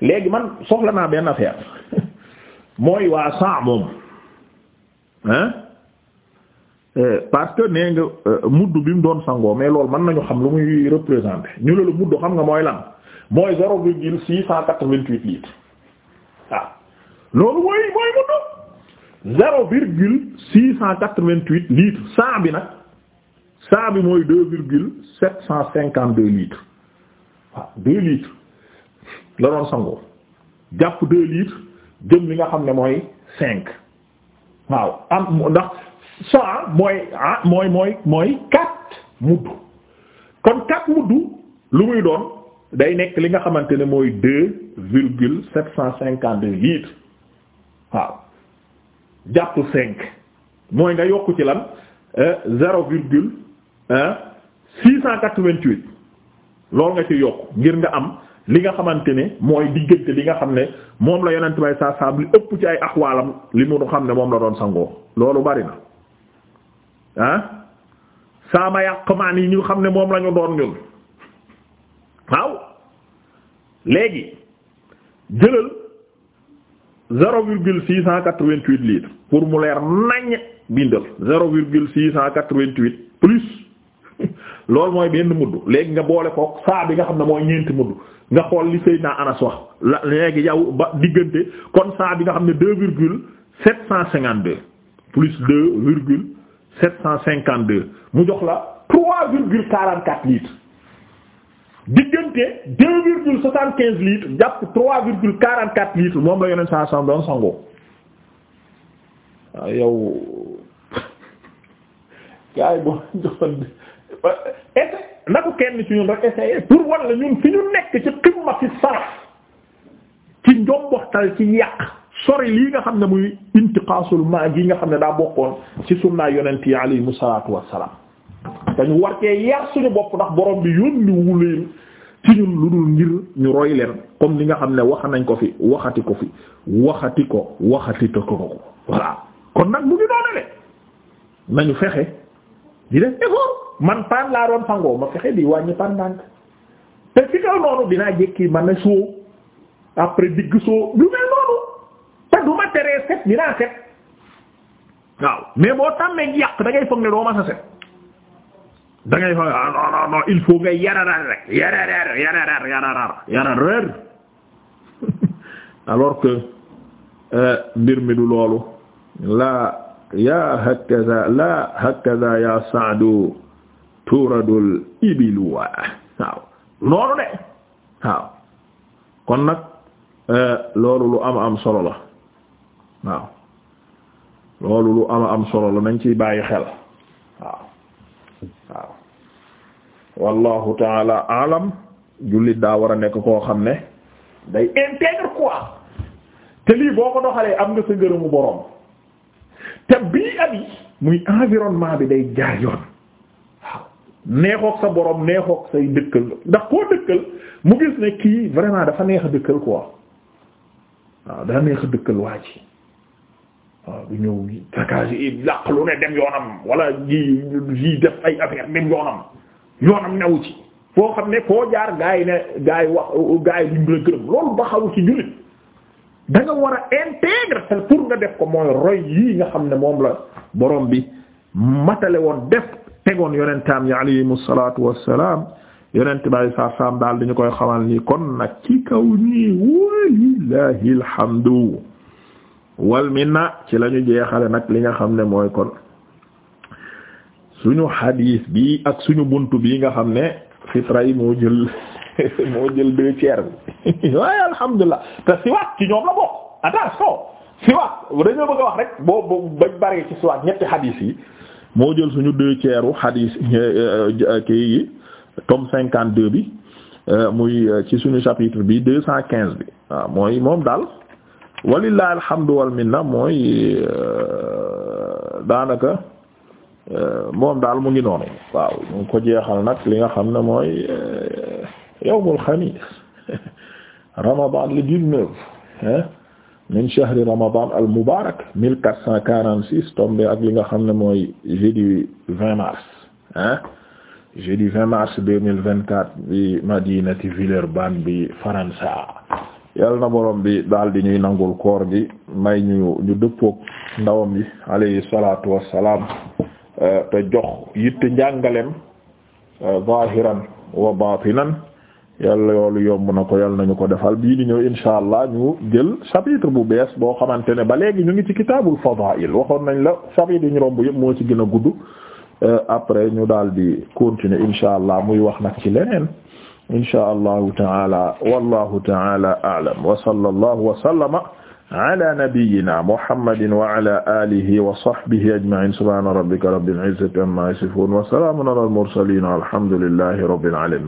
Speaker 1: léegi man soxla naa benn affaire mooy waa san moom hein euh, parce que nee nga euh, mudd bi mu doon sangoo mais loolu mën nañu xam lu muy représenter ñu ne la mudd xam nga mooy lan mooy zéro virgule six cent quatre-vingt-huit litres waaw ah. bi nag cent bi mooy deux virgule sept cent cinquante-deux litres ah, deux litres la doon sangoo jàpp deux litres jëm li nga xam ne mooy cinq waaw am ndax mooy ah, mooy mooy mooy quatre mudd kon quatre mudd lu muy doon day nekk li nga xamante ne mooy deux virgule sept cent cinquante deux litres waaw jàpp cinq mooy nga yokku ci lan euh, zéro virgule euh, six cent quatre-vingt-huit loolu nga ci yokk ngir nga am li nga xamante ni mooy diggante li nga xam ne moom la yonent bay saa saab li ëpp ci ay axwaalam li mu xam ne moom la doon sangoo loolu bari na ah saama yàqmaan yi ñu xam ne moom la doon ñun waaw léegi jëlal zéro virgule six cent quatre-vingt-huit litres pour mu leer naññ bindal zéro virgule six cent quatre-vingt-huit plus loolu mooy benn mudd léegi nga boole kook saa bi nga xam ne mooy ñeenti mudd nga xool li Seydina Anas wax la léegi yow ba diggante kon saa bi nga xam ne deux virgule sept cent cinquante deux plus deux virgule sept cent cinquante deux mu jox la trois virgule quarante quatre litres diggante deux virgule soixante quinze litres jàpp trois virgule quarante quatre litres moom la yeneen saa san doon sangoo waaw na ko kenn ci ñun rek essayer pour war la ñun fi ñu nekk ci ximma saraf ci njomboxtal ci yàq sori lii nga xam ne muy intiqaasul maa gi nga xam ne daa bokkoon ci sunnaa yonent yi alayhimu salaatu wassalaam dañu war cee yar suñu bopp ndax borom bi yónni wu leen ci ñun lu dul ngir ñu roy leen comme li nga xam ne wax nañ ko fi waxati ko fi waxati ko waxati ko ko voilà kon nag mu ngi doonale nañu fexe di def effort man paan laa doon sangoo ma fexe di wàññi paan ndànk te noonu dinaa jékki man soo après digg soo lu mel noonu te du ma teree set dinaa set waaw mais boo tàmmee yàq da ngay foog ne doo sa set da foog ah non non non il faut ngay yararar rek yararar yararar yararar yararar alors que euh, mbir mi loolu turadul ibilu waaw noonu de waaw kon nag euh, loolu lu am am solo la waaw loolu lu am am solo la nañ ci bàyyi xel waaw waaw wallahu taala alam jullit daa war a nekk koo xam ne day intègre quoi te lii boo ko doxalee am nga sa ngërëmu boroom te bii abi muy environnement bi day jaar yoon neexook sa borom neexook say dëkkal ndax koo dëkkal mu gis ne kii vraiment dafa neex a dëkkal quoi waaw daa neex a dëkkal waa ji waaw du ñëw saccage lu ne dem yoonam wala ji ji def ay affaire dem yoonam yoonam newu ci foo xam ne foo jaar gaa yi ne gaa wax gaa yi la gërëm loolu ba xawu ci jullit da war a intégrer te pour nga def ko mooy roy yii nga xam ne moom la borom bi matale woon def tegoon yonentaam yi alayhimu salaatu wassalaam yonent bi alayhi salaatu wassalaam daal dañu koy xamal ni kon nag ci kaw nii walillahi alhamdu wal minna ci lañu jeexale nag li nga xam ne mooy kon suñu xadiis bi ak suñu bunt bi nga xam ne fitra yi moo jël moo jël deux tiers bi waaye alhamdulilah te siwaat ci ñoom la bokk attention siwaat dañoo bëgg a wax rek boo bañ bari ci siwaat ñetti xadiis yi moo jël suñu deux tiers u xadiis euh, euh, kii yi cinquante deux bi euh, muy ci suñu chapitre bi deux cent quinze bi waaw mooy moom daal walillahi alhamdu wal minna mooy daanaka moom daal mu ngi noonu waaw mu ko jeexal nag li nga xam ne mooy yawmul xamiis ramadan le dix hein min shahri ramadan al mubarak 1446 tombé ak li nga xam ne mooy jeudi 20 mars ah jeudi 20 mars 2024 bi madinati Villeurbanne bi Faransa yal na borom bi daal di ñuy nangul kor bi may ñu ñu dëppook ndawam bi alayhi salaatu wassalaam euh, te jox yitte njàngalem euh, zahiran wa batinan yàlla yoolu yomb na ko yàlla nañu ko defal bii di ñëw insha allah ñu jël chapitre bu bees boo xamante ne ba léegi ñu ngi ci kitaabul fadaa'il waxoon nañ la chapitre yi ñu romb yëpp moo ci gën a gudd euh, après ñu daal di continuer insha allah muy wax nag ci leneen insha allahu taala wallahu taala a'lam wa sallallahu wa sallama ala nabiyyina muhammadin wa ala alihi wa sahbihi ajma'in subhana rabbika rabbil izzati amma yasifun wa salamun ala mursalin alhamdulillahi rabbil alamin